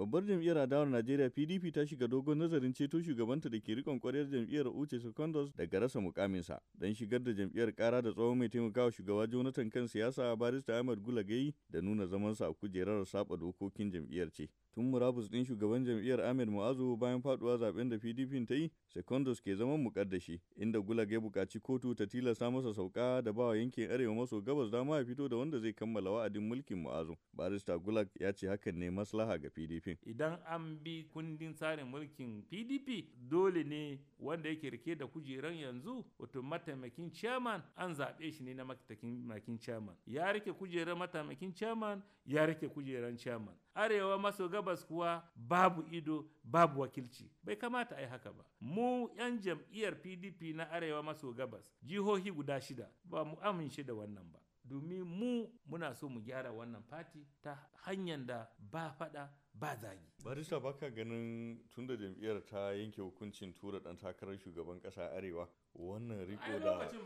Babbar jam'iyyar adawar Najeriya PDP ta shiga dogon nazarin ceto shugabanta da ke rikon kwaryar jam'iyyar Uche Secondos daga rasa mukaminsa don shigar da jam'iyyar kara da tsawon mai taimakawa shugaba Jonathan kan siyasa barista Ahmad Gulagai da nuna zamansa a kujerar saba dokokin jam'iyyar ce. Tun murabus din shugaban jam'iyyar Ahmed Mu'azu bayan faduwa zaben da PDP ta yi, Secondos ke zaman mukaddashi inda Gulagai bukaci kotu ta tilasta masa sauka da bawa yankin arewa maso gabas dama ya fito da wanda zai kammala wa'adin mulkin Mu'azu. Barista Gulag ya ce hakan ne maslaha ga PDP. mulkin idan an bi kundin tsarin mulkin pdp dole ne wanda yake rike da kujeran yanzu wato mataimakin chairman an zaɓe shi ne na mataimakin chairman ya rike kujerar mataimakin chairman ya rike kujeran chairman arewa maso gabas kuwa babu ido babu wakilci bai kamata a yi haka ba mu 'yan jam'iyyar pdp na arewa maso gabas jihohi guda shida ba mu amince da wannan ba domin mu muna so mu gyara wannan fati ta hanyar da ba fada ba zagi. Barista baka ganin tun da jam'iyyar ta yanke hukuncin tura dan takarar shugaban kasa arewa wannan riko da lokacin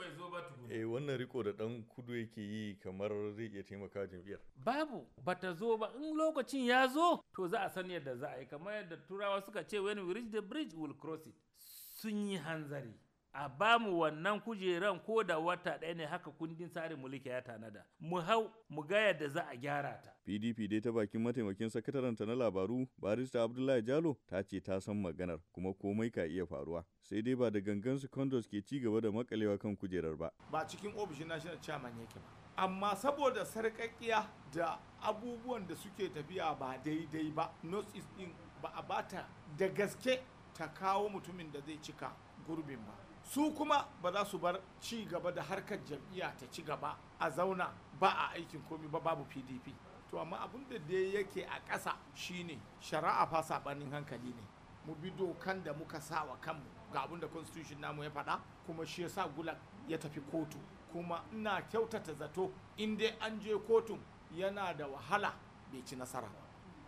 eh wannan riko da dan kudu yake yi kamar zai iya taimaka jam'iyyar. Babu bata zo ba in lokacin ya zo to za a san yadda za a yi kamar yadda turawa suka ce when we reach the bridge we will cross it. Sun yi hanzari. a ba mu wannan kujeran ko da wata ɗaya ne haka kundin tsarin mulki ya tanada mu hau mu ga yadda za a gyara ta PDP dai ta bakin mataimakin sakataren ta na labaru barista Abdullahi Jalo ta ce ta san maganar kuma komai ka iya faruwa sai dai ba da gangan su ke ci gaba da makalewa kan kujerar ba ba cikin ofishin national chairman yake ba amma saboda sarƙaƙiya da abubuwan da suke tafiya ba daidai ba north east din ba a bata da gaske ta kawo mutumin da zai cika gurbin ba su kuma ba za su bar ci gaba da harkar jam'iyya ta ci gaba a zauna ba a aikin komi ba babu pdp to amma abin da dai yake a ƙasa shine shari'a fa saɓanin hankali ne mu bi dokan da muka sa wa kanmu ga abin da constitution namu ya faɗa kuma shi ya sa gulag ya tafi kotu kuma ina kyautata zato in dai an je kotun yana da wahala bai ci nasara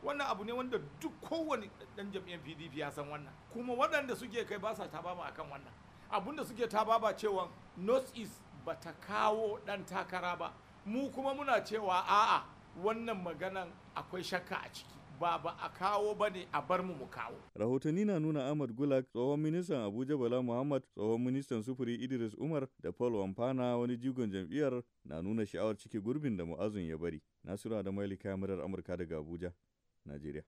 wannan abu ne wanda duk kowane ɗan jam'iyyar pdp ya san wannan kuma waɗanda suke kai ba sa ta akan wannan abinda suke ta baba cewa north east ba ta kawo ɗan takara ba mu kuma muna cewa a'a wannan maganan akwai shakka a ciki ba ba a kawo ba ne a bar mu mu kawo. Rahotanni na nuna Ahmad Gulak tsohon ministan Abuja Bala Muhammad tsohon ministan sufuri Idris Umar da Paul Wamfana wani jigon jam'iyyar na nuna sha'awar cike gurbin da mu'azun ya bari. Nasiru Adamaili kamarar Amurka daga Abuja, Najeriya.